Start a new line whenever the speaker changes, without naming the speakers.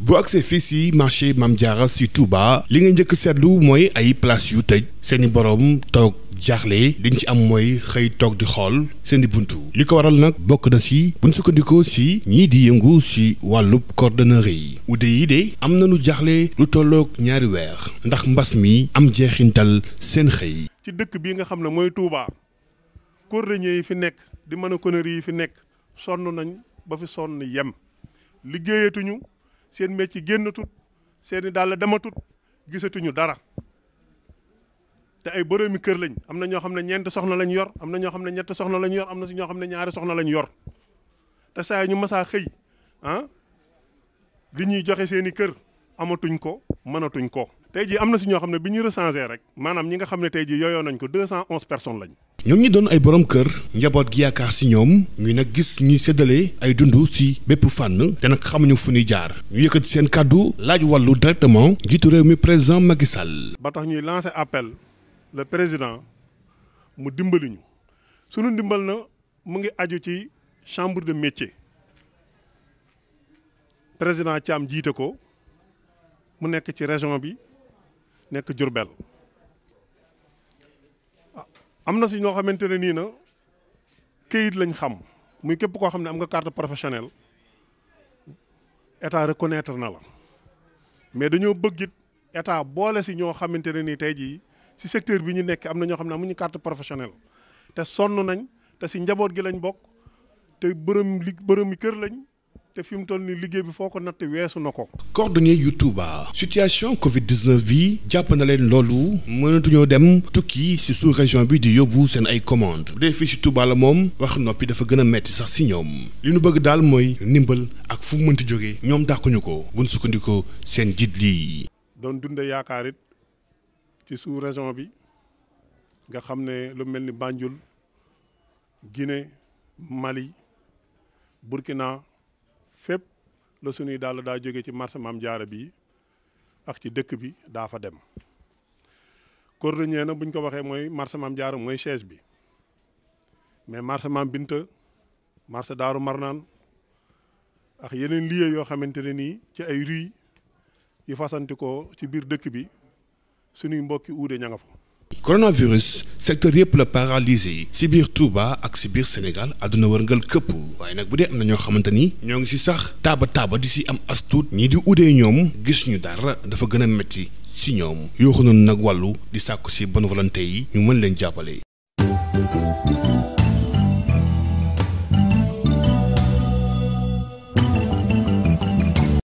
boo agsee fi si marché Mame Diarra si Touba li nga njëkk seetlu mooy ay place yu tëj seeni boroom toog jaaxle liñ ci am mooy xëy toog di xool seeni i buntu li ko waral nag bokk na ci bun sukkandikoo ci ñii di yëngu ci wàllub cordonnerie yi ude yi de am nañu jaaxle lu tollook ñaari weer ndax mbas mi am jeexintal seen xëy.
ci dëkk bi nga xam ne mooy Touba cordonniers yi fi nekk di maçonnerie yi fi nekk sonn nañ ba fi sonn yem liggéeyatuñu seen métier génnatut seen i dàll dematut gisatuñu dara te ay boroomi kër lañ am na ñoo xam ne ñeent soxna lañ yor am na ñoo xam ne ñett soxna lañ yor am na si ñoo xam ne ñaari soxna lañ yor te saa ñu masaa xëy ah li ñuy joxe seen i kër amatuñ ko mënatuñ ko. tey jii am na si ñoo xam ne bi ñu recensé rek maanaam ñi nga xam ne tey jii yooyoon nañ ko deux cent onze personnes lañ.
ñoom ñi doon ay borom kër njaboot gi yaakaar si ñoom ñu nag gis ñuy séddale ay dundu si bépp fànn te nag xamuñu fu ñuy jaar ñu yëkkati seen kàddu laaj wàllu directement jiitu réew mi président Macky Sall.
ba tax ñuy lancer appel le président mu dimbali ñu sunu dimbal na mu ngi aju ci chambre de métier président Thiam jiite ko mu nekk ci région bi nekk Diourbel. am na si ñoo xamante ne nii na këyit lañ xam muy képp koo xam ne am nga carte professionnelle état reconnaître na la mais dañoo bëgg it état boole si ñoo xamante ne nii tey jii si secteur bi ñu nekk am na ñoo xam ne amuñu carte professionnelle te sonn nañ te si njaboot gi lañ bokk te bërëm li bërëmi kër lañ. te fi mu toll nii liggéey bi foo ko natt weesu na ko.
cordonnier yu Touba. situation Covid 19 bi jàpp na leen loolu mënatuñoo dem tukki si sous région bi di yóbbu seen ay commandes bu dee fii si Touba la moom wax noppi dafa gën a metti sax si ñoom li nu bëgg daal mooy ndimbal ak fu mu mënti jógee ñoom dàquñu ko buñ sukkandikoo seen jiit lii.
doon dundee yaakaar it ci sous région bi nga xam ne lu mel ni Banjul gine Mali Burkina. fépp la sunuy dàll daa jóge ci marché Maam Jaara bii ak ci dëkk bi daa fa dem cordonnier na buñ ko waxee mooy marché Maam Jaara mooy chaise bi mais marché Maam Binta marché Daaru Marnaan ak yeneen lieu yoo xamante ne nii ci ay rue yi fasanti ko ci biir dëkk bi sunuy mbokki uude ña nga fa
coronavirus secteur yëpp la paralysé ci biir Touba ak ci biir Sénégal àdduna wërngal këpp waaye nag bu dee am na ñoo xamante ni ñoo ngi ci sax taaba taaba di ci am as tuut ñii di udee ñoom gis ñu dara dafa gën a métti ci ñoom yoo xam nag wàllu di sàkku ci bonne volonté yi ñu mën leen jàppale.